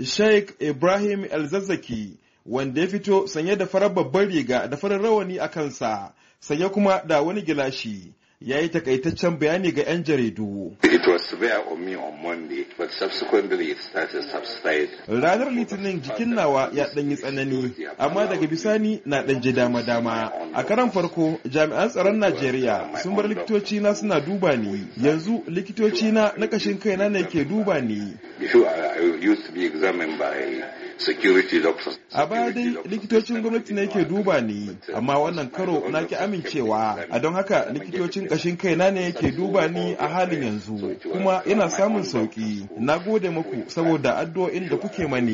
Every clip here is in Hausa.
Sheikh Ibrahim Elzazaki wanda ya fito sanye da farar babbar riga da farar rawani a kansa, sanye kuma da wani gilashi. ya yi takaitaccen bayani ga 'yan jaridu. Ranar Litinin jikin nawa ya ɗan yi tsanani, amma daga bisani na ɗan ji dama-dama. A karan farko, jami'an tsaron Najeriya sun bar likitoci na suna duba ni, yanzu likitoci na na ƙashin kaina ne ke duba ni. Uh, a baya dai likitocin gwamnati ne ke duba ni, amma wannan karo na ki amincewa, a don haka likitocin ƙashin kaina ne ke duba ni a halin yanzu, kuma yana samun sauƙi. Na gode muku saboda addu'o'in da kuke mani.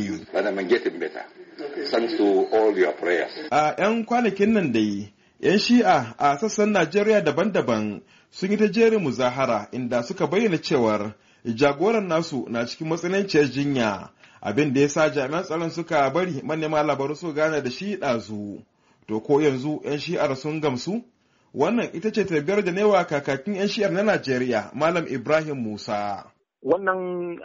A 'yan kwanakin nan dai, 'yan shi'a a sassan Najeriya daban-daban sun yi ta jerin muzahara inda suka bayyana cewar jagoran nasu na cikin matsananciyar jinya abin da ya sa jami'an tsaron suka bari manema labaru su gane da shi ɗazu to ko yanzu 'yan shi'ar sun gamsu wannan ita ce tabbiyar da newa kakakin 'yan shi'ar na najeriya malam ibrahim musa wannan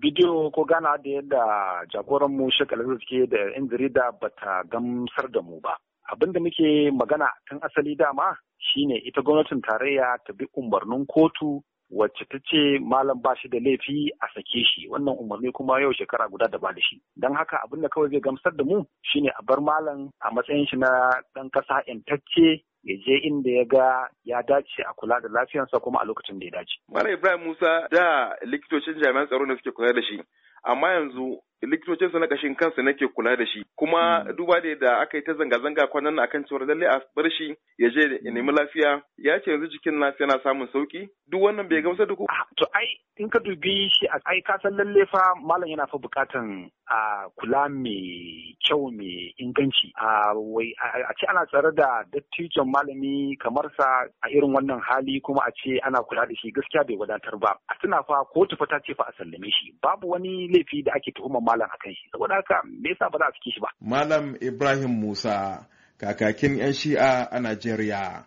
bidiyo ko gana da yadda jagoran mu shi suke da yan jarida ba ta gamsar da mu ba abin da muke magana tun asali dama shine ita gwamnatin tarayya ta bi umarnin kotu wacce ta ce malam ba shi da laifi a sake shi wannan umarni kuma yau shekara guda da ba da shi don haka abin da kawai zai gamsar da mu shine a bar malam a matsayin shi na ɗan ƙasa yantacce ya je inda ya ga ya dace a kula da lafiyarsa kuma a lokacin da ya dace. Malam Ibrahim Musa da likitocin jami'an tsaro ne suke kula da shi amma yanzu likitocinsa na kashin kansa nake kula da shi kuma hmm. duba da da aka yi ta zanga-zanga kwanan nan akan cewar lalle a bar shi ya je ya hmm. nemi lafiya ya ce yanzu jikin lafiya na samun sauki duk wannan bai gamsa da ku ah, to ai in ka dubi shi a ai ka san lalle fa malam yana fa bukatan a kula mai kyau mai inganci ah, a wai a ce ana tsare da dattijan malami kamar sa a irin wannan hali kuma a ce ana kula da shi gaskiya bai wadatar ba a tuna fa kotu fa ta ce fa a sallame shi babu wani laifi da ake tuhumar malam akan shi saboda haka me yasa ba za a saki shi ba malam ibrahim musa kakakin yan shi'a a najeriya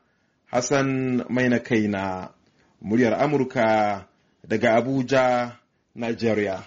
hassan mai na kaina muryar amurka daga abuja najeriya